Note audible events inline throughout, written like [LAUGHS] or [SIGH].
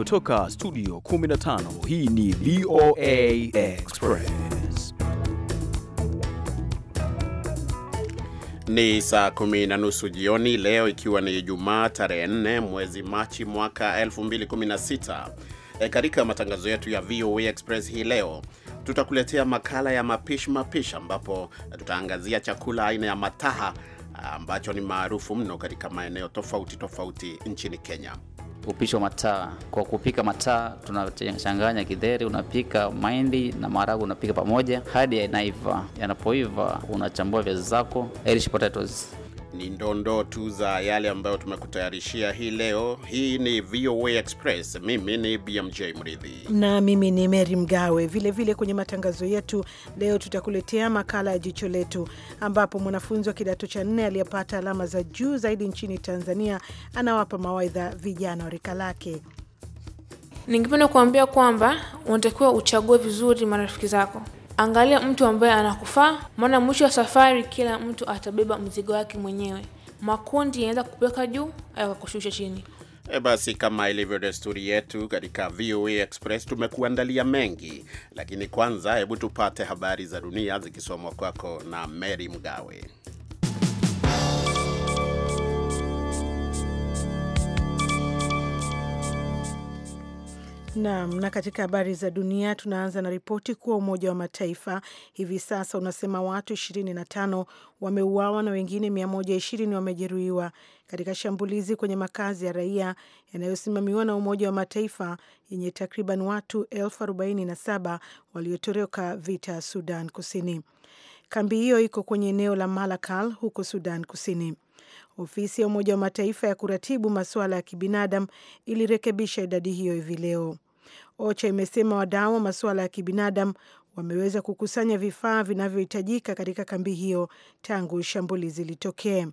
kutoka studio 15 hii ni VOA Express ni saa kumi na nusu jioni leo ikiwa ni Ijumaa tarehe 4 mwezi Machi mwaka 2016 e katika matangazo yetu ya VOA Express hii leo tutakuletea makala ya mapishi mapishi ambapo tutaangazia chakula aina ya mataha ambacho ni maarufu mno katika maeneo tofauti tofauti nchini Kenya upishi wa mataa. Kwa kupika mataa, tunachanganya kidheri, unapika mahindi na maharagwe, unapika pamoja hadi yanaiva. Yanapoiva, unachambua viazi zako, Irish potatoes ni ndondoo tu za yale ambayo tumekutayarishia hii leo. Hii ni VOA Express. Mimi ni BMJ Mridhi na mimi ni Meri Mgawe. Vilevile vile kwenye matangazo yetu leo tutakuletea makala ya jicho letu, ambapo mwanafunzi wa kidato cha nne aliyepata alama za juu zaidi nchini Tanzania anawapa mawaidha vijana wa rika lake. Ningependa kuambia kwamba unatakiwa uchague vizuri marafiki zako Angalia mtu ambaye anakufaa, maana mwisho wa safari kila mtu atabeba mzigo wake mwenyewe. Makundi yanaweza kupeka juu au kukushusha chini. E, basi kama ilivyo desturi yetu katika VOA Express tumekuandalia mengi, lakini kwanza, hebu tupate habari za dunia zikisomwa kwako na Mary Mgawe. Naam, na katika habari za dunia tunaanza na ripoti kuwa Umoja wa Mataifa hivi sasa unasema watu 25 wameuawa na wengine 120 wamejeruhiwa katika shambulizi kwenye makazi ya raia yanayosimamiwa na Umoja wa Mataifa yenye takriban watu 47 waliotoroka vita Sudan Kusini. Kambi hiyo iko kwenye eneo la Malakal huko Sudan Kusini. Ofisi ya Umoja wa Mataifa ya kuratibu masuala ya kibinadamu ilirekebisha idadi hiyo hivi leo. OCHA imesema wadau wa masuala ya kibinadamu wameweza kukusanya vifaa vinavyohitajika katika kambi hiyo tangu shambulizi litokee.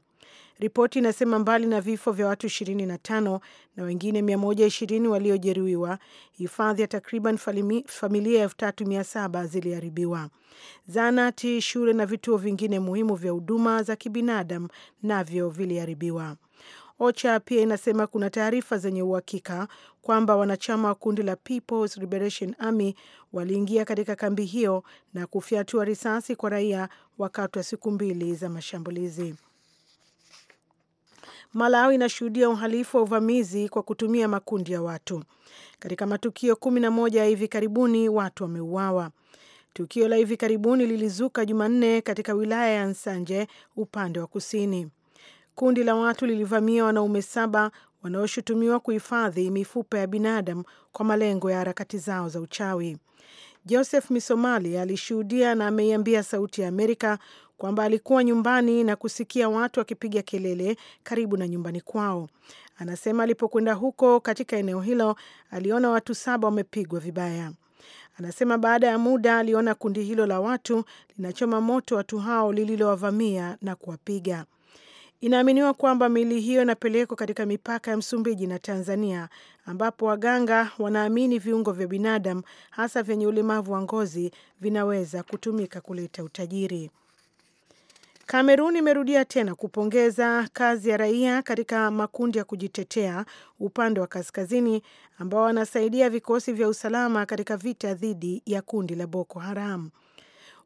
Ripoti inasema mbali na vifo vya watu 25 na wengine 120 waliojeruhiwa, hifadhi ya takriban familia 3700 ziliharibiwa. Zahanati, shule na vituo vingine muhimu vya huduma za kibinadamu navyo viliharibiwa. OCHA pia inasema kuna taarifa zenye uhakika kwamba wanachama wa kundi la People's Liberation Army waliingia katika kambi hiyo na kufyatua risasi kwa raia wakati wa siku mbili za mashambulizi. Malawi inashuhudia uhalifu wa uvamizi kwa kutumia makundi ya watu. Katika matukio kumi na moja ya hivi karibuni, watu wameuawa. Tukio la hivi karibuni lilizuka Jumanne katika wilaya ya Nsanje upande wa kusini. Kundi la watu lilivamia wanaume saba wanaoshutumiwa kuhifadhi mifupa ya binadamu kwa malengo ya harakati zao za uchawi. Joseph Misomali alishuhudia na ameiambia Sauti ya Amerika kwamba alikuwa nyumbani na kusikia watu wakipiga kelele karibu na nyumbani kwao. Anasema alipokwenda huko katika eneo hilo aliona watu saba wamepigwa vibaya. Anasema baada ya muda aliona kundi hilo la watu linachoma moto watu hao lililowavamia na kuwapiga. Inaaminiwa kwamba miili hiyo inapelekwa katika mipaka ya Msumbiji na Tanzania, ambapo waganga wanaamini viungo vya binadamu hasa vyenye ulemavu wa ngozi vinaweza kutumika kuleta utajiri. Kamerun imerudia tena kupongeza kazi ya raia katika makundi ya kujitetea upande wa kaskazini ambao wanasaidia vikosi vya usalama katika vita dhidi ya kundi la Boko Haram.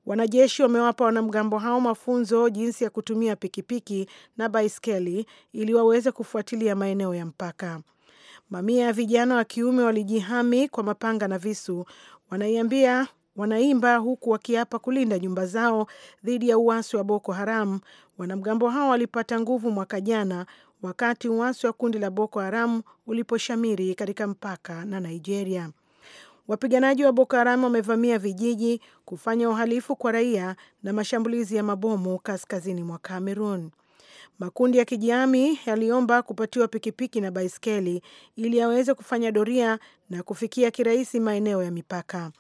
Wanajeshi wamewapa wanamgambo hao mafunzo jinsi ya kutumia pikipiki na baiskeli ili waweze kufuatilia maeneo ya mpaka. Mamia ya vijana wa kiume walijihami kwa mapanga na visu, wanaiambia wanaimba huku wakiapa kulinda nyumba zao dhidi ya uasi wa Boko Haram. Wanamgambo hao walipata nguvu mwaka jana wakati uasi wa kundi la Boko Haram uliposhamiri katika mpaka na Nigeria. Wapiganaji wa Boko Haram wamevamia vijiji, kufanya uhalifu kwa raia na mashambulizi ya mabomu kaskazini mwa Cameroon. Makundi ya kijami yaliomba kupatiwa pikipiki na baiskeli ili aweze kufanya doria na kufikia kirahisi maeneo ya mipaka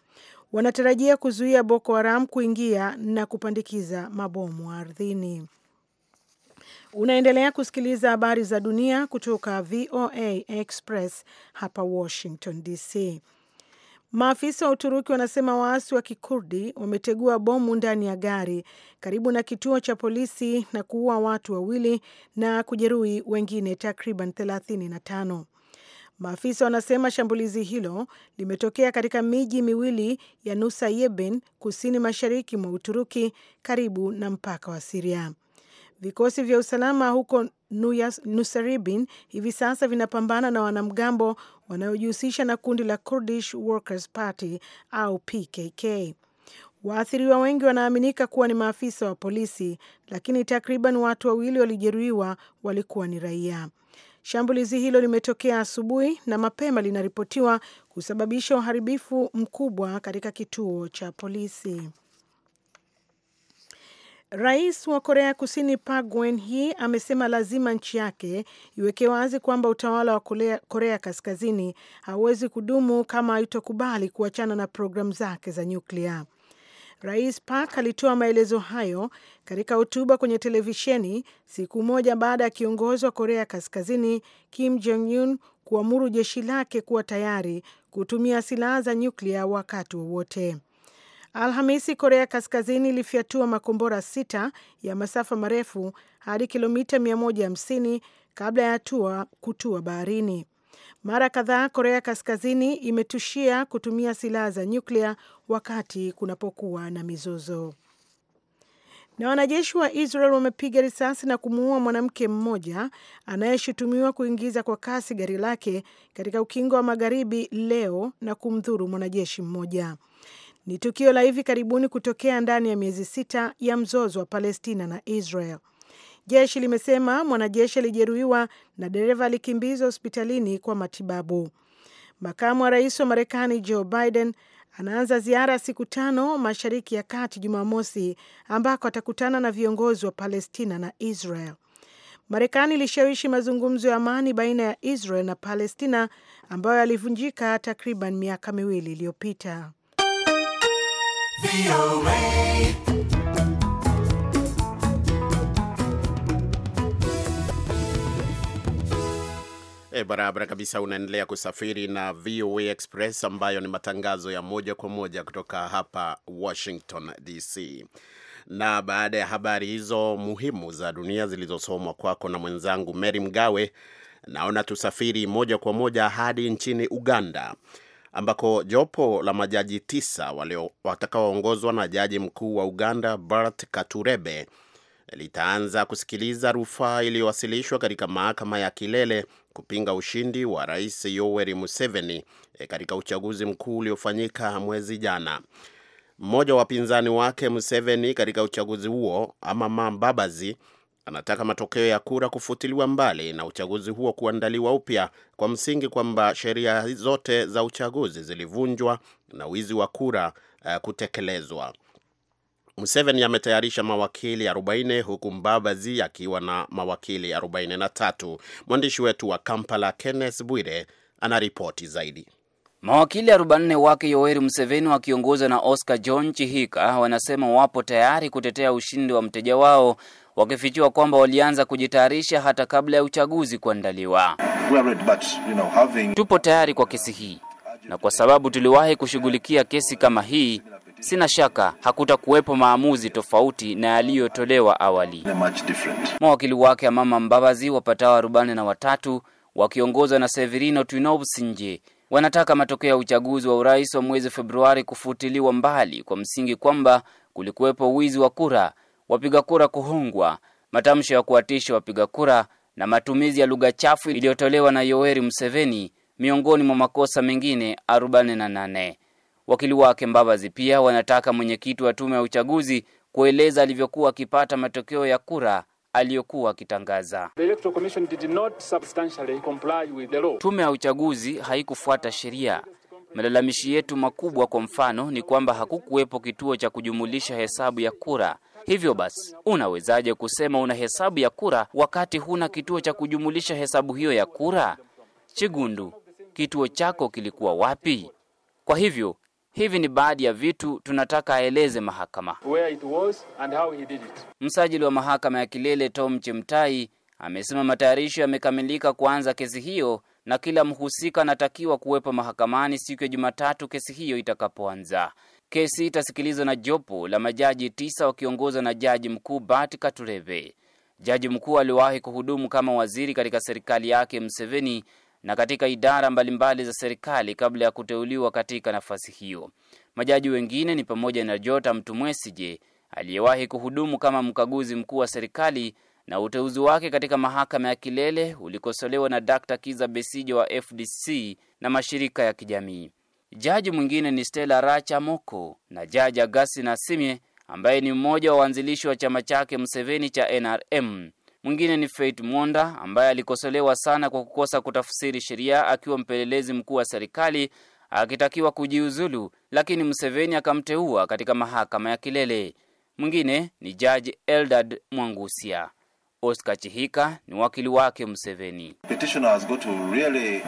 wanatarajia kuzuia Boko Haram kuingia na kupandikiza mabomu ardhini. Unaendelea kusikiliza habari za dunia kutoka VOA Express hapa Washington DC. Maafisa wa Uturuki wanasema waasi wa Kikurdi wametegua bomu ndani ya gari karibu na kituo cha polisi na kuua watu wawili na kujeruhi wengine takriban 35. Maafisa wanasema shambulizi hilo limetokea katika miji miwili ya nusa Yeben kusini mashariki mwa Uturuki karibu na mpaka wa Siria. Vikosi vya usalama huko Nusaribin hivi sasa vinapambana na wanamgambo wanaojihusisha na kundi la Kurdish Workers Party au PKK. Waathiriwa wengi wanaaminika kuwa ni maafisa wa polisi, lakini takriban watu wawili walijeruhiwa walikuwa ni raia. Shambulizi hilo limetokea asubuhi na mapema linaripotiwa kusababisha uharibifu mkubwa katika kituo cha polisi. Rais wa Korea Kusini Park Geun-hye amesema lazima nchi yake iweke wazi kwamba utawala wa Korea, Korea Kaskazini hauwezi kudumu kama haitokubali kuachana na programu zake za nyuklia. Rais Park alitoa maelezo hayo katika hotuba kwenye televisheni siku moja baada ya kiongozi wa Korea Kaskazini Kim Jong Un kuamuru jeshi lake kuwa tayari kutumia silaha za nyuklia wakati wowote. Alhamisi, Korea Kaskazini ilifyatua makombora sita ya masafa marefu hadi kilomita 150 kabla ya hatua kutua baharini. Mara kadhaa Korea Kaskazini imetushia kutumia silaha za nyuklia wakati kunapokuwa na mizozo. Na wanajeshi wa Israel wamepiga risasi na kumuua mwanamke mmoja anayeshutumiwa kuingiza kwa kasi gari lake katika ukingo wa magharibi leo na kumdhuru mwanajeshi mmoja. Ni tukio la hivi karibuni kutokea ndani ya miezi sita ya mzozo wa Palestina na Israel. Jeshi limesema mwanajeshi alijeruhiwa na dereva alikimbizwa hospitalini kwa matibabu. Makamu wa rais wa Marekani Joe Biden anaanza ziara ya siku tano mashariki ya kati Jumamosi, ambako atakutana na viongozi wa Palestina na Israel. Marekani ilishawishi mazungumzo ya amani baina ya Israel na Palestina ambayo yalivunjika takriban miaka miwili iliyopita. E, barabara kabisa. Unaendelea kusafiri na VOA Express ambayo ni matangazo ya moja kwa moja kutoka hapa Washington DC. Na baada ya habari hizo muhimu za dunia zilizosomwa kwako na mwenzangu Mary Mgawe, naona tusafiri moja kwa moja hadi nchini Uganda ambako jopo la majaji tisa watakaoongozwa na jaji mkuu wa Uganda Bart Katurebe litaanza kusikiliza rufaa iliyowasilishwa katika mahakama ya kilele kupinga ushindi wa Rais Yoweri Museveni eh, katika uchaguzi mkuu uliofanyika mwezi jana. Mmoja wa wapinzani wake Museveni katika uchaguzi huo, Amama Mbabazi, anataka matokeo ya kura kufutiliwa mbali na uchaguzi huo kuandaliwa upya kwa msingi kwamba sheria zote za uchaguzi zilivunjwa na wizi wa kura uh, kutekelezwa. Museveni ametayarisha mawakili 40 huku Mbabazi akiwa na mawakili 43. Mwandishi wetu wa Kampala Kenneth Bwire anaripoti zaidi. Mawakili 40 wake Yoweri Museveni wakiongozwa na Oscar John Chihika wanasema wapo tayari kutetea ushindi wa mteja wao, wakifichua kwamba walianza kujitayarisha hata kabla ya uchaguzi kuandaliwa. tupo tayari kwa kesi hii na kwa sababu tuliwahi kushughulikia kesi kama hii sina shaka hakutakuwepo maamuzi tofauti na yaliyotolewa awali. Mawakili wake ya mama Mbabazi wapatao arobaini na watatu wakiongozwa na Severino Twinovsinje wanataka matokeo ya uchaguzi wa urais wa mwezi Februari kufutiliwa mbali kwa msingi kwamba kulikuwepo wizi wa kura, wapiga kura kuhongwa, matamshi ya kuwatisha wapiga kura na matumizi ya lugha chafu iliyotolewa na Yoweri Museveni miongoni mwa makosa mengine 48. Wakili wake Mbabazi pia wanataka mwenyekiti wa tume ya uchaguzi kueleza alivyokuwa akipata matokeo ya kura aliyokuwa akitangaza. Tume ya uchaguzi haikufuata sheria. Malalamishi yetu makubwa kwa mfano ni kwamba hakukuwepo kituo cha kujumulisha hesabu ya kura. Hivyo basi, unawezaje kusema una hesabu ya kura wakati huna kituo cha kujumulisha hesabu hiyo ya kura? Chigundu, kituo chako kilikuwa wapi? Kwa hivyo Hivi ni baadhi ya vitu tunataka aeleze mahakama. Where it was and how he did it. Msajili wa mahakama ya kilele Tom Chemtai amesema matayarisho yamekamilika kuanza kesi hiyo na kila mhusika anatakiwa kuwepo mahakamani siku ya Jumatatu kesi hiyo itakapoanza. Kesi itasikilizwa na jopo la majaji tisa wakiongozwa na jaji mkuu Bart katureve Jaji mkuu aliwahi kuhudumu kama waziri katika serikali yake Mseveni na katika idara mbalimbali za serikali kabla ya kuteuliwa katika nafasi hiyo. Majaji wengine ni pamoja na Jota Mtumwesije aliyewahi kuhudumu kama mkaguzi mkuu wa serikali na uteuzi wake katika mahakama ya kilele ulikosolewa na Dr. Kiza Besije wa FDC na mashirika ya kijamii. Jaji mwingine ni Stella Racha Moko na Jaji Agasi Nasimye ambaye ni mmoja wa waanzilishi wa chama chake mseveni cha NRM. Mwingine ni Faith Monda ambaye alikosolewa sana kwa kukosa kutafsiri sheria akiwa mpelelezi mkuu wa serikali akitakiwa kujiuzulu, lakini Museveni akamteua katika mahakama ya kilele. Mwingine ni Jaji Eldad Mwangusia. Oscar Chihika ni wakili wake Museveni. Really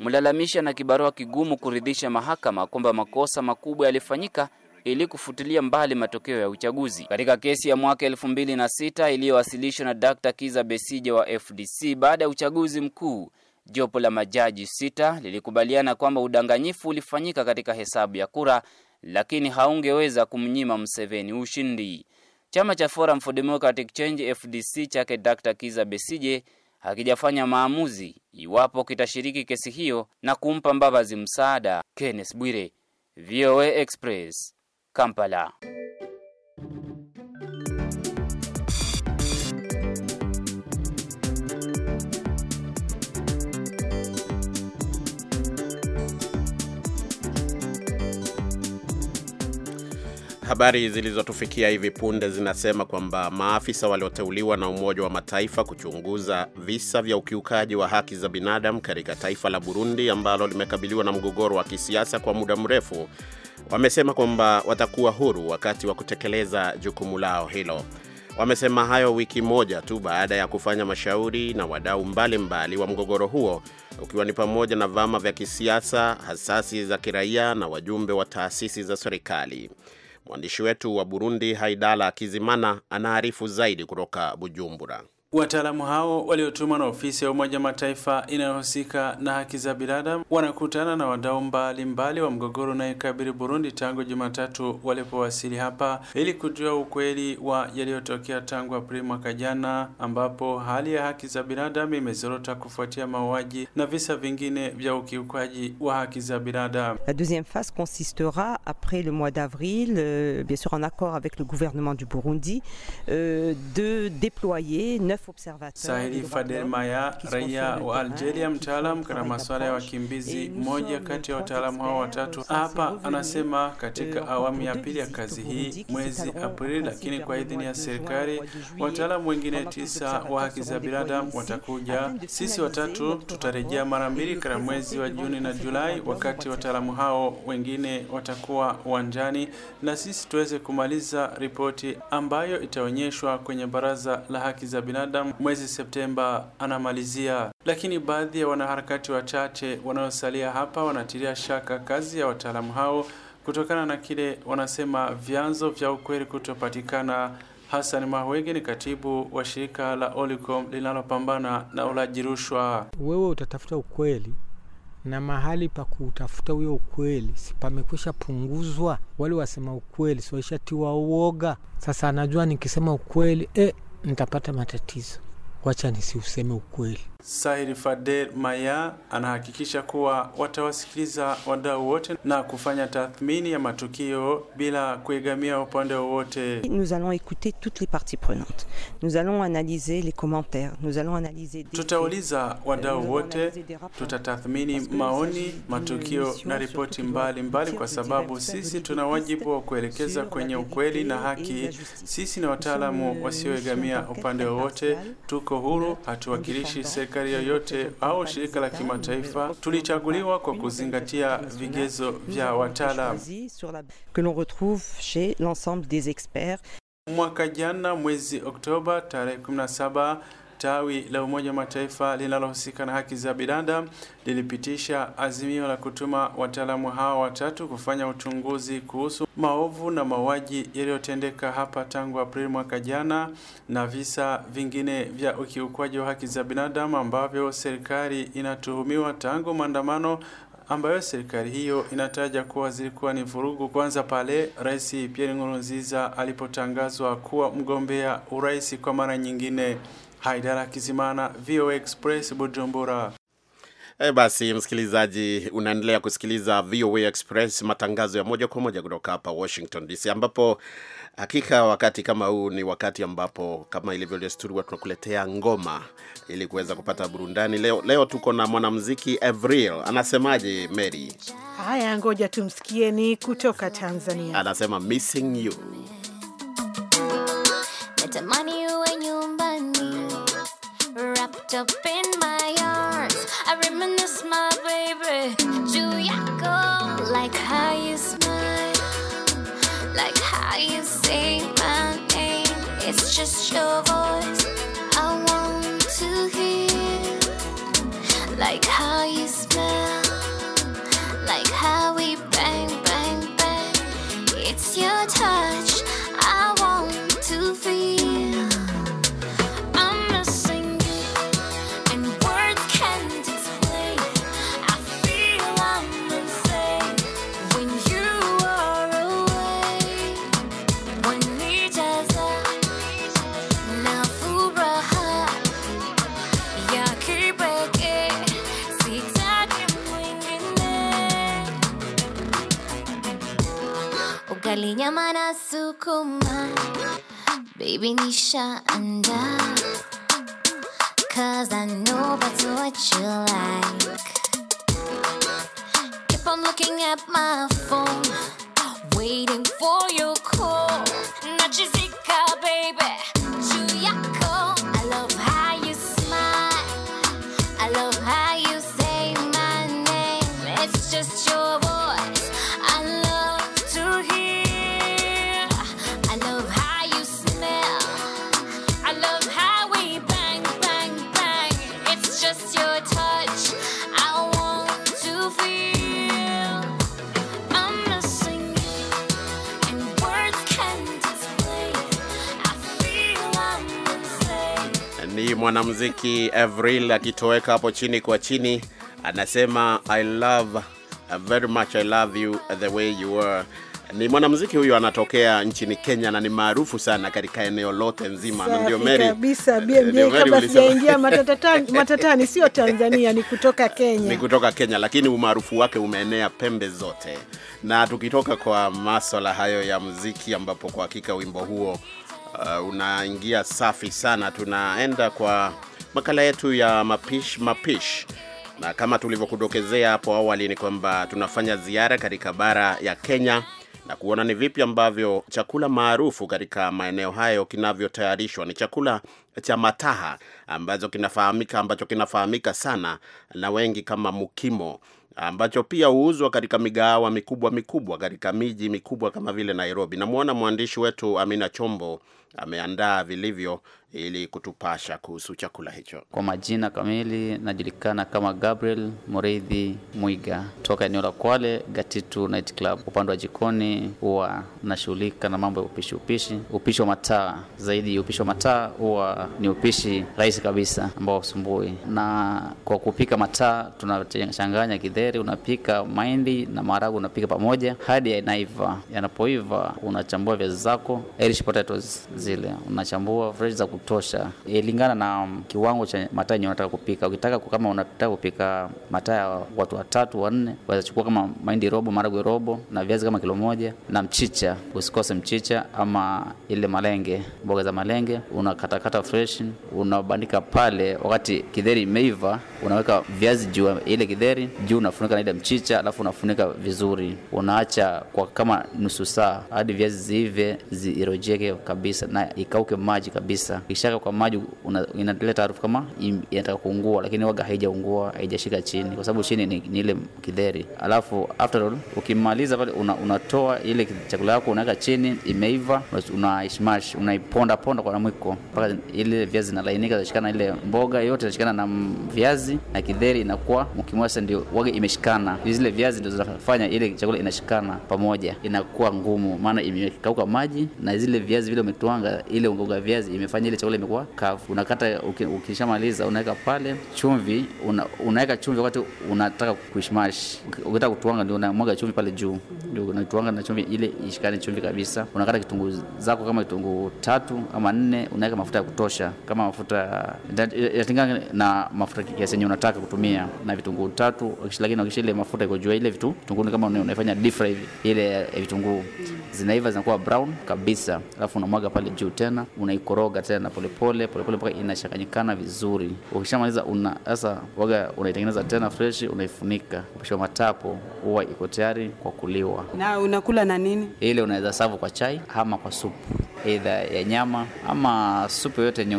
mlalamisha na kibarua kigumu kuridhisha mahakama kwamba makosa makubwa yalifanyika ili kufutilia mbali matokeo ya uchaguzi. Katika kesi ya mwaka 2006 iliyowasilishwa na Dr. Kiza Besije wa FDC baada ya uchaguzi mkuu, jopo la majaji sita lilikubaliana kwamba udanganyifu ulifanyika katika hesabu ya kura, lakini haungeweza kumnyima Mseveni ushindi. Chama cha Forum for Democratic Change FDC chake Dr. Kiza Besije hakijafanya maamuzi iwapo kitashiriki kesi hiyo na kumpa Mbabazi msaada. Kenneth Bwire, VOA Express. Kampala. Habari zilizotufikia hivi punde zinasema kwamba maafisa walioteuliwa na Umoja wa Mataifa kuchunguza visa vya ukiukaji wa haki za binadamu katika taifa la Burundi ambalo limekabiliwa na mgogoro wa kisiasa kwa muda mrefu wamesema kwamba watakuwa huru wakati wa kutekeleza jukumu lao hilo. Wamesema hayo wiki moja tu baada ya kufanya mashauri na wadau mbalimbali wa mgogoro huo, ukiwa ni pamoja na vyama vya kisiasa, hasasi za kiraia na wajumbe wa taasisi za serikali. Mwandishi wetu wa Burundi Haidala Kizimana anaarifu zaidi kutoka Bujumbura. Wataalamu hao waliotumwa na ofisi ya Umoja Mataifa inayohusika na haki za binadamu wanakutana na wadau mbalimbali wa mgogoro unayoikabili Burundi tangu Jumatatu walipowasili hapa ili kujua ukweli wa yaliyotokea tangu Aprili mwaka jana, ambapo hali ya haki za binadamu imezorota kufuatia mauaji na visa vingine vya ukiukwaji wa haki za binadamu. La deuxième phase consistera après le mois d'avril euh, bien sûr en accord avec le gouvernement du Burundi euh, de déployer neuf Sahili Fadel Maya, raia wa Algeria, mtaalam katika masuala ya wakimbizi, mmoja kati ya wataalamu hao watatu hapa, anasema katika eh, awamu ya pili ya kazi hii mwezi Aprili, lakini kwa idhini ya serikali, wataalamu wengine tisa wa haki za binadamu watakuja. Sisi watatu tutarejea mara mbili katika mwezi wa Juni na Julai, wakati wataalamu hao wengine watakuwa uwanjani na sisi tuweze kumaliza ripoti ambayo itaonyeshwa kwenye Baraza la Haki za Binadamu binadamu mwezi Septemba anamalizia, lakini baadhi ya wanaharakati wachache wanaosalia hapa wanatilia shaka kazi ya wataalamu hao kutokana na kile wanasema vyanzo vya ukweli kutopatikana. Hassan Mahwege ni katibu wa shirika la Olicom linalopambana na ulaji rushwa. Wewe utatafuta ukweli na mahali pa kutafuta huyo ukweli si pamekwisha punguzwa? Wale wasema ukweli si waishatiwa uoga? Sasa anajua nikisema ukweli eh, nitapata matatizo. Wacha nisiuseme ukweli. Sahir Fadel Maya anahakikisha kuwa watawasikiliza wadau wote na kufanya tathmini ya matukio bila kuegamia upande wowote. Nous allons écouter toutes les parties prenantes. Nous allons analyser les commentaires. Nous allons analyser Tutauliza wadau wote, tutatathmini maoni, matukio na ripoti mbalimbali, kwa sababu sisi tuna wajibu wa kuelekeza kwenye ukweli na haki. Sisi ni wataalamu wasioegamia upande wowote, tuko huru, hatuwakilishi serikali yoyote au shirika la kimataifa, tulichaguliwa kwa kuzingatia vigezo vya wataalam que l'on retrouve chez l'ensemble des experts. Mwaka jana mwezi Oktoba tarehe 17 tawi la Umoja wa Mataifa linalohusika na haki za binadamu lilipitisha azimio la kutuma wataalamu hawa watatu kufanya uchunguzi kuhusu maovu na mauaji yaliyotendeka hapa tangu Aprili mwaka jana na visa vingine vya ukiukwaji wa haki za binadamu ambavyo serikali inatuhumiwa tangu maandamano ambayo serikali hiyo inataja kuwa zilikuwa ni vurugu kwanza pale Rais Pierre Nkurunziza alipotangazwa kuwa mgombea urais kwa mara nyingine. Haidara Kisimana, VOA Express, Bujumbura. E, basi msikilizaji, unaendelea kusikiliza VOA Express, matangazo ya moja kwa moja kutoka hapa Washington DC, ambapo hakika wakati kama huu ni wakati ambapo kama ilivyo desturi tunakuletea ngoma ili kuweza kupata burundani. Leo, leo tuko na mwanamuziki Avril. Anasemaje Mary? Haya, ngoja tumsikie, ni kutoka Tanzania, anasema missing you up in my arms. I reminisce my favorite Julia Gold, like how you smile, like how you say my name. It's just your voice I want to hear, like how you smell. kuma Baby Nisha and I Cause I know that's what you like Keep on looking at my phone Waiting for your call Not Nachizika baby mwanamuziki Avril akitoweka hapo chini kwa chini, anasema I love uh, very much, I love you the way you are. Ni mwanamuziki huyu anatokea nchini Kenya na ni maarufu sana katika eneo lote nzima, na ndio Mary kabisa eh, BMJ, kabla sijaingia [LAUGHS] matatani, matatani sio Tanzania, ni kutoka Kenya, ni kutoka Kenya, lakini umaarufu wake umeenea pembe zote. Na tukitoka kwa maswala hayo ya muziki, ambapo kwa hakika wimbo huo uh, unaingia safi sana. Tunaenda kwa makala yetu ya mapish mapish, na kama tulivyokudokezea hapo awali ni kwamba tunafanya ziara katika bara ya Kenya na kuona ni vipi ambavyo chakula maarufu katika maeneo hayo kinavyotayarishwa. Ni chakula cha mataha ambacho kinafahamika ambacho kinafahamika sana na wengi kama mukimo, ambacho pia huuzwa katika migahawa mikubwa mikubwa katika miji mikubwa kama vile Nairobi. Namwona mwandishi wetu Amina Chombo ameandaa vilivyo ili kutupasha kuhusu chakula hicho. Kwa majina kamili najulikana kama Gabriel Mureithi Mwiga toka eneo la Kwale Gatitu Night Club. Upande wa jikoni huwa nashughulika na mambo ya upishi, upishi upishi wa mataa zaidi. Upishi wa mataa huwa ni upishi rahisi kabisa ambao usumbui, na kwa kupika mataa tunachanganya kidheri, unapika mahindi na maragu unapika pamoja hadi yanaiva. Yanapoiva unachambua viazi zako, Irish potatoes zile, unachambua fresh za kutosha, ilingana eh, na um, kiwango cha mataa yenye unataka kupika. Ukitaka kama unataka kupika mataa ya watu watatu wanne, waweza chukua kama mahindi robo, maragwe robo, na viazi kama kilo moja, na mchicha, usikose mchicha ama ile malenge, mboga za malenge, unakatakata fresh, unabandika pale. Wakati kidheri imeiva, unaweka viazi juu ile kidheri, juu unafunika na ile mchicha, alafu unafunika vizuri, unaacha kwa kama nusu saa hadi viazi ziive zirojeke kabisa na ikauke maji kabisa. Ikishaka kwa maji inaleta harufu kama inataka kuungua, lakini waga haijaungua, haijashika chini, kwa sababu chini ni, ni ile kidheri. Alafu after all ukimaliza pale una, unatoa ile chakula yako unaweka chini, imeiva, unaishmash unaiponda ponda kwa namwiko mpaka ile viazi inalainika, inashikana ile mboga yote inashikana na viazi na kidheri inakuwa mkimwasa, ndio waga imeshikana. Zile viazi ndio zinafanya ile chakula inashikana pamoja, inakuwa ngumu, maana imekauka maji na zile viazi vile umetwanga kukaanga ile mboga viazi imefanya ile chakula imekuwa kavu. Unakata ukishamaliza, unaweka pale chumvi, una, unaweka chumvi wakati unataka kushmash, Ukitaka kutuanga ndio unamwaga chumvi pale juu, ndio unatuanga na chumvi ile ishikane chumvi kabisa. Unakata kitunguu zako kama kitunguu tatu ama nne, unaweka mafuta ya kutosha, kama mafuta yatingana na mafuta kiasi yenye unataka kutumia, na vitunguu tatu, lakini ukisha ile mafuta iko juu ile vitu vitunguu, kama unaifanya deep fry ile vitunguu zinaiva zinakuwa brown kabisa, alafu unamwaga pale juu tena, unaikoroga tena polepole polepole mpaka inachanganyikana vizuri. Ukishamaliza una sasa waga unaitengeneza tena fresh, unaifunika kisha matapo, huwa iko tayari kwa kuliwa. Na unakula na nini? Ile unaweza savu kwa chai ama kwa supu aidha ya nyama ama supu yoyote yenye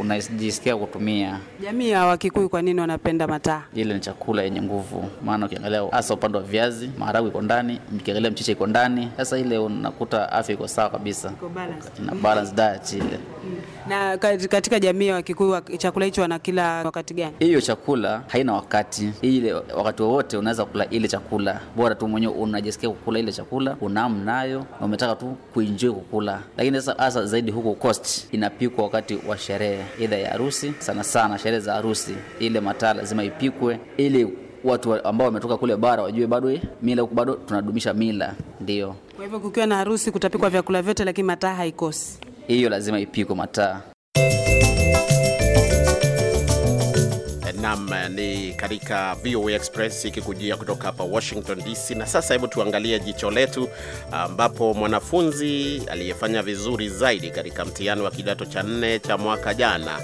unajisikia una kutumia. Jamii ya Wakikuyu kwa nini wanapenda mataa? Ile ni chakula yenye nguvu, maana ukiangalia hasa upande wa viazi, maharagwe iko ndani, ukiangalia mchicha iko ndani. Sasa ile unakuta afya iko sawa kabisa, iko balance kubalance diet ile. Na katika jamii ya Wakikuyu chakula hicho wanakila wakati gani? Hiyo chakula haina wakati, ile wakati wowote unaweza kula ile chakula, bora tu mwenyewe unajisikia kukula ile chakula, unaam nayo na umetaka tu kuenjoy kukula. Lakini sasa hasa zaidi huko Coast inapikwa wakati wa sherehe, idha ya harusi, sana sana sherehe za harusi, ile mataa lazima ipikwe ili watu ambao wametoka kule bara wajue bado eh, mila huku bado tunadumisha mila, ndio. Kwa hivyo kukiwa na harusi kutapikwa vyakula vyote, lakini mataa haikosi. Hiyo lazima ipikwe mataa. Nam ni katika VOA Express ikikujia kutoka hapa Washington DC. Na sasa hebu tuangalie jicho letu, ambapo mwanafunzi aliyefanya vizuri zaidi katika mtihani wa kidato cha nne cha mwaka jana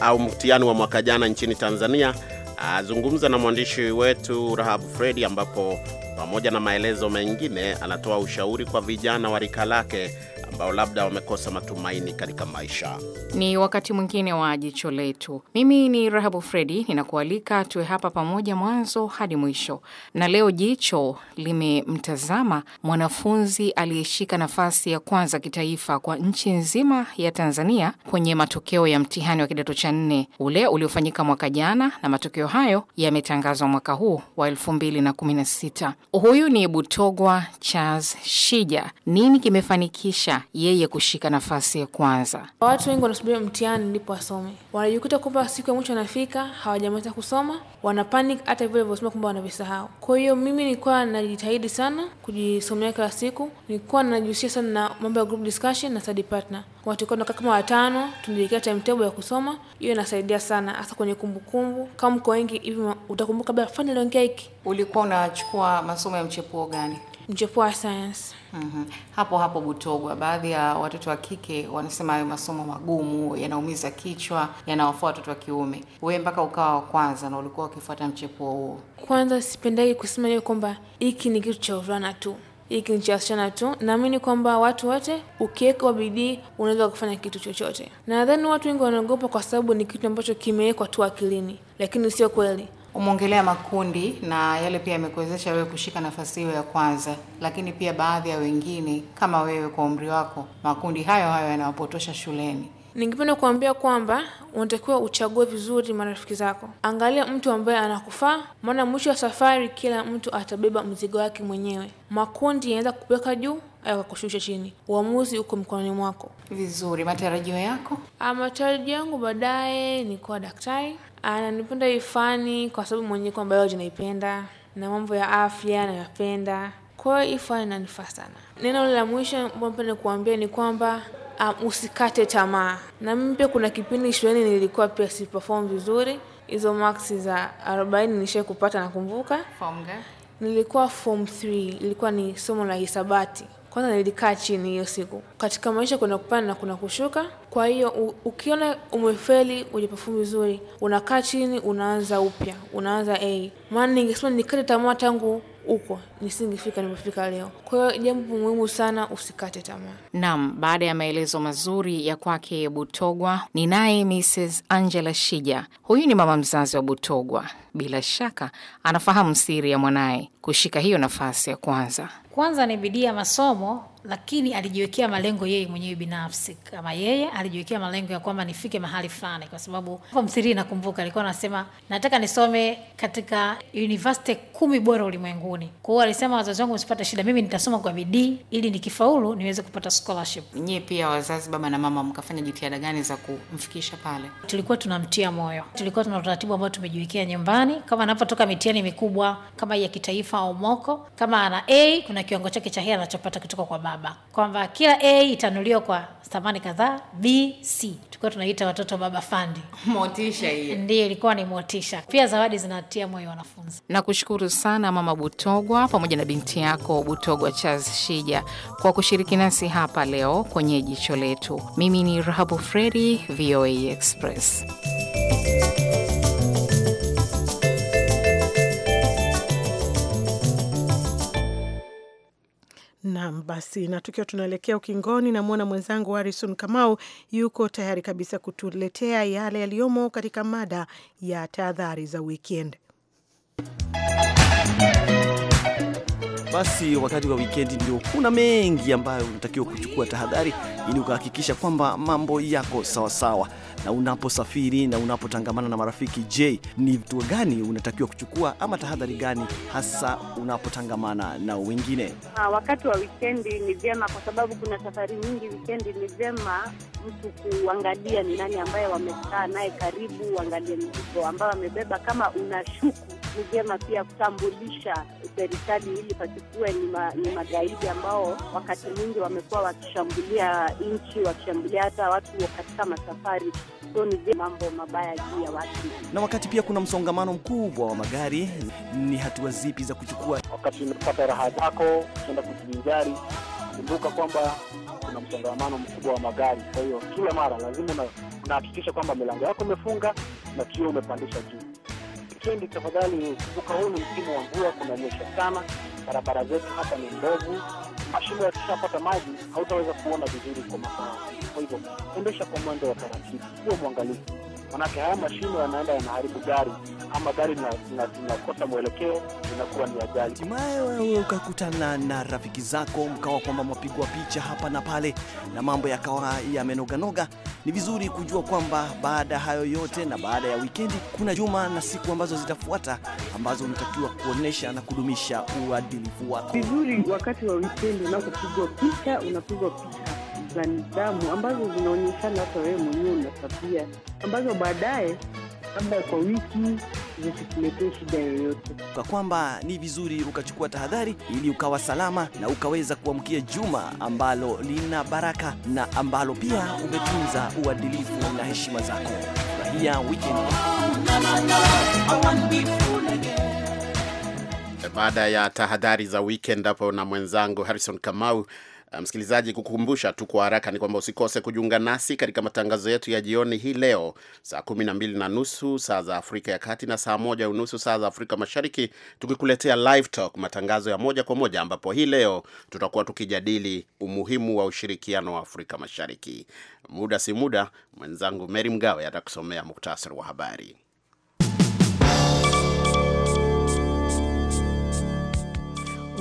au mtihani wa mwaka jana nchini Tanzania azungumza na mwandishi wetu Rahabu Fredi, ambapo pamoja na maelezo mengine anatoa ushauri kwa vijana wa rika lake ambao labda wamekosa matumaini katika maisha. Ni wakati mwingine wa jicho letu. Mimi ni Rahabu Fredi, ninakualika tuwe hapa pamoja mwanzo hadi mwisho, na leo jicho limemtazama mwanafunzi aliyeshika nafasi ya kwanza kitaifa kwa nchi nzima ya Tanzania kwenye matokeo ya mtihani wa kidato cha nne ule uliofanyika mwaka jana, na matokeo hayo yametangazwa mwaka huu wa elfu mbili na kumi na sita. Huyu ni Butogwa Charles Shija. Nini kimefanikisha yeye kushika nafasi ya kwanza. Watu wengi wanasubiria mtihani ndipo wasome, wanajikuta kwamba siku ya mwisho wanafika hawajamaliza kusoma, wana panic hata vile vyosoma kwamba wanavisahau. Kwa hiyo mimi nilikuwa najitahidi sana kujisomea kila siku, nilikuwa najihusisha sana na mambo ya group discussion na study partner, kama watano, tunajiwekea timetable ya kusoma. Hiyo inasaidia sana, hasa kwenye kumbukumbu. Kama mko wengi hivi, utakumbuka kabla liongea hiki. Ulikuwa unachukua masomo ya mchepuo gani? mchepuo wa sayansi. mm -hmm. Hapo hapo Butogwa, baadhi ya watoto wa kike wanasema hayo masomo magumu yanaumiza kichwa, yanawafaa watoto wa kiume. Wewe mpaka ukawa wa kwanza na ulikuwa ukifuata mchepuo huo? Kwanza sipendagi kusema hiyo kwamba hiki ni kitu cha uvulana tu hiki ni cha wasichana tu. Naamini kwamba watu wote ukiwekwa bidii unaweza kufanya kitu chochote. Nadhani watu wengi wanaogopa kwa sababu ni kitu ambacho kimewekwa tu akilini, lakini sio kweli. Umeongelea makundi na yale pia yamekuwezesha wewe kushika nafasi hiyo ya kwanza, lakini pia baadhi ya wengine kama wewe kwa umri wako makundi hayo hayo yanawapotosha shuleni. Ningependa kuambia kwamba unatakiwa uchague vizuri marafiki zako, angalia mtu ambaye anakufaa, maana mwisho wa safari kila mtu atabeba mzigo wake mwenyewe. Makundi yanaweza kupeleka juu au akushusha chini. Uamuzi uko mkononi mwako. Vizuri, matarajio yako? Ah, matarajio yangu baadaye ni kuwa daktari. Ah, Nanipenda hii fani kwa sababu mwenyewe kwa biology naipenda na mambo ya afya nayapenda, kwa hiyo hii fani inanifaa sana. Neno la mwisho mpende kuambia ni kwamba um, usikate tamaa. Na mimi pia kuna kipindi shuleni nilikuwa pia si perform vizuri. Hizo marks za 40 nilishai kupata, nakumbuka. Form gani? Nilikuwa form 3, ilikuwa ni somo la hisabati. Kwanza nilikaa chini hiyo siku. Katika maisha kuna kupanda na kuna kushuka, kwa hiyo ukiona umefeli ujipafu vizuri, unakaa chini, unaanza upya, unaanza a Maana ningesema nikate tamaa tangu uko nisingefika nimefika leo. Kwa hiyo jambo muhimu sana, usikate tamaa. Naam, baada ya maelezo mazuri ya kwake Butogwa, ni naye ms Angela Shija. Huyu ni mama mzazi wa Butogwa, bila shaka anafahamu siri ya mwanaye kushika hiyo nafasi ya kwanza kwanza ni bidii ya masomo lakini alijiwekea malengo yeye mwenyewe binafsi, kama yeye alijiwekea malengo ya kwamba nifike mahali fulani, kwa sababu form nakumbuka alikuwa anasema nataka nisome katika university kumi bora ulimwenguni. Kwa hiyo alisema wazazi wangu msipate shida, mimi nitasoma kwa bidii ili nikifaulu niweze kupata scholarship. Nyie pia wazazi, baba na mama, mkafanya jitihada gani za kumfikisha pale? Tulikuwa tunamtia moyo, tulikuwa tuna utaratibu ambao tumejiwekea nyumbani, kama anapotoka mitihani mikubwa kama ya kitaifa au moko, kama ana A kuna kiwango chake cha hela anachopata kutoka kwa baba baba, kwamba kila A itanuliwa kwa thamani kadhaa B, C. tunaita watoto baba fandi, motisha hiyo ndio ilikuwa ni motisha. Pia zawadi zinatia moyo wanafunzi. Nakushukuru sana Mama Butogwa pamoja na binti yako Butogwa Charles Shija kwa kushiriki nasi hapa leo kwenye jicho letu. Mimi ni Rahabu Fredi, VOA Express. Naam, basi na tukiwa tunaelekea ukingoni, namwona mwenzangu Harison Kamau yuko tayari kabisa kutuletea yale yaliyomo katika mada ya tahadhari za wikendi. Basi wakati wa wikendi ndio kuna mengi ambayo unatakiwa kuchukua tahadhari ili ukahakikisha kwamba mambo yako sawasawa sawa. Na unaposafiri na unapotangamana na marafiki, je, ni vitu gani unatakiwa kuchukua ama tahadhari gani hasa unapotangamana na wengine? Ha, ah, wakati wa wikendi ni vyema, kwa sababu kuna safari nyingi wikendi, ni vyema mtu kuangalia ni nani ambaye wamekaa naye karibu, uangalie mzigo ambayo amebeba, kama unashuku ni vyema pia kutambulisha serikali ili pasikuwe ni, ma, ni magaidi ambao wakati mwingi wamekuwa wakishambulia nchi, wakishambulia hata watu katika masafari. So ni mambo mabaya juu ya watu. Na wakati pia kuna msongamano mkubwa wa magari, ni hatua zipi za kuchukua wakati umepata raha zako kenda kujivinjari? Kumbuka kwamba kuna msongamano mkubwa wa magari, kwa hiyo kila mara lazima unahakikisha kwamba milango yako imefunga na kio umepandisha juu twende tafadhali, kumbuka huu ni msimu wa mvua, kunanyesha sana, barabara zetu hapa ni ndogo mashimo yakishapata maji hautaweza kuona vizuri kwa masaa. Kwa hivyo endesha kwa mwendo wa taratibu, huo mwangalifu. Manake haya mashine yanaenda yanaharibu gari ama gari linakosa mwelekeo, inakuwa ni ajali. Hatimaye wewe ukakutana na rafiki zako, mkawa kwamba mwapigwa picha hapa na pale, na mambo yakawa yamenoganoga. Ni vizuri kujua kwamba baada ya hayo yote na baada ya wikendi, kuna juma na siku ambazo zitafuata, ambazo unatakiwa kuonyesha na kudumisha uadilifu wako vizuri. Wakati wa wikendi unapopigwa picha, unapigwa picha za nidhamu ambazo zinaonyeshana hata wewe mwenyewe una tabia ambazo baadaye labda kwa wiki zisikuletee shida yoyote. Kwa kwamba ni vizuri ukachukua tahadhari ili ukawa salama na ukaweza kuamkia juma ambalo lina baraka na ambalo pia umetunza uadilifu na heshima zako. Furahia weekend. Baada ya tahadhari za weekend hapo na mwenzangu Harrison Kamau Eh, msikilizaji, kukumbusha tu kwa haraka ni kwamba usikose kujiunga nasi katika matangazo yetu ya jioni hii leo saa kumi na mbili na nusu saa za Afrika ya Kati na saa moja unusu saa za Afrika Mashariki, tukikuletea Live Talk, matangazo ya moja kwa moja, ambapo hii leo tutakuwa tukijadili umuhimu wa ushirikiano wa Afrika Mashariki. Muda si muda, mwenzangu mery Mgawe atakusomea muktasari wa habari.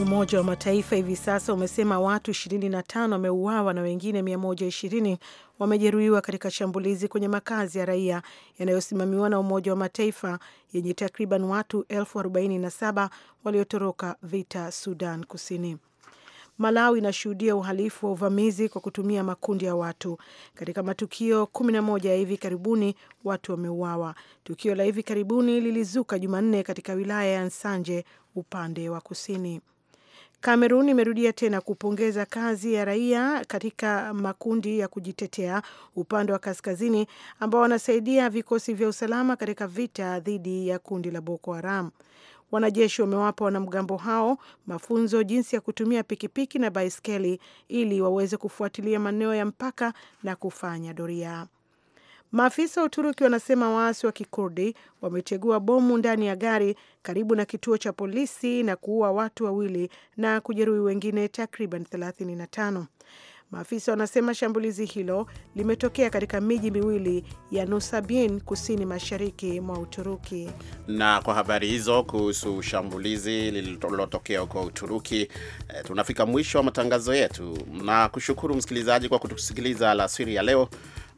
Umoja wa Mataifa hivi sasa umesema watu 25 wameuawa na wengine 120 wamejeruhiwa katika shambulizi kwenye makazi ya raia yanayosimamiwa na Umoja wa Mataifa yenye takriban watu 47 waliotoroka vita Sudan Kusini. Malawi inashuhudia uhalifu wa uvamizi kwa kutumia makundi ya watu. Katika matukio 11 ya hivi karibuni, watu wameuawa. Tukio la hivi karibuni lilizuka Jumanne katika wilaya ya Nsanje upande wa kusini. Kamerun imerudia tena kupongeza kazi ya raia katika makundi ya kujitetea upande wa kaskazini ambao wanasaidia vikosi vya usalama katika vita dhidi ya kundi la Boko Haram. Wanajeshi wamewapa wanamgambo hao mafunzo jinsi ya kutumia pikipiki na baiskeli ili waweze kufuatilia maeneo ya mpaka na kufanya doria. Maafisa wa Uturuki wanasema waasi wa Kikurdi wametegua bomu ndani ya gari karibu na kituo cha polisi na kuua watu wawili na kujeruhi wengine takriban 35. Maafisa wanasema shambulizi hilo limetokea katika miji miwili ya Nusabin kusini mashariki mwa Uturuki. Na kwa habari hizo kuhusu shambulizi lililotokea huko Uturuki, eh, tunafika mwisho wa matangazo yetu na kushukuru msikilizaji kwa kutusikiliza alasiri ya leo.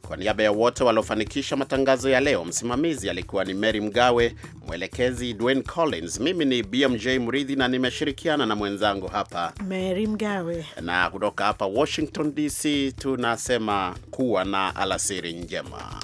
Kwa niaba ya wote waliofanikisha matangazo ya leo, msimamizi alikuwa ni Mary Mgawe, mwelekezi Dwayne Collins, mimi ni BMJ Mridhi na nimeshirikiana na mwenzangu hapa Mary Mgawe, na kutoka hapa Washington DC tunasema kuwa na alasiri njema.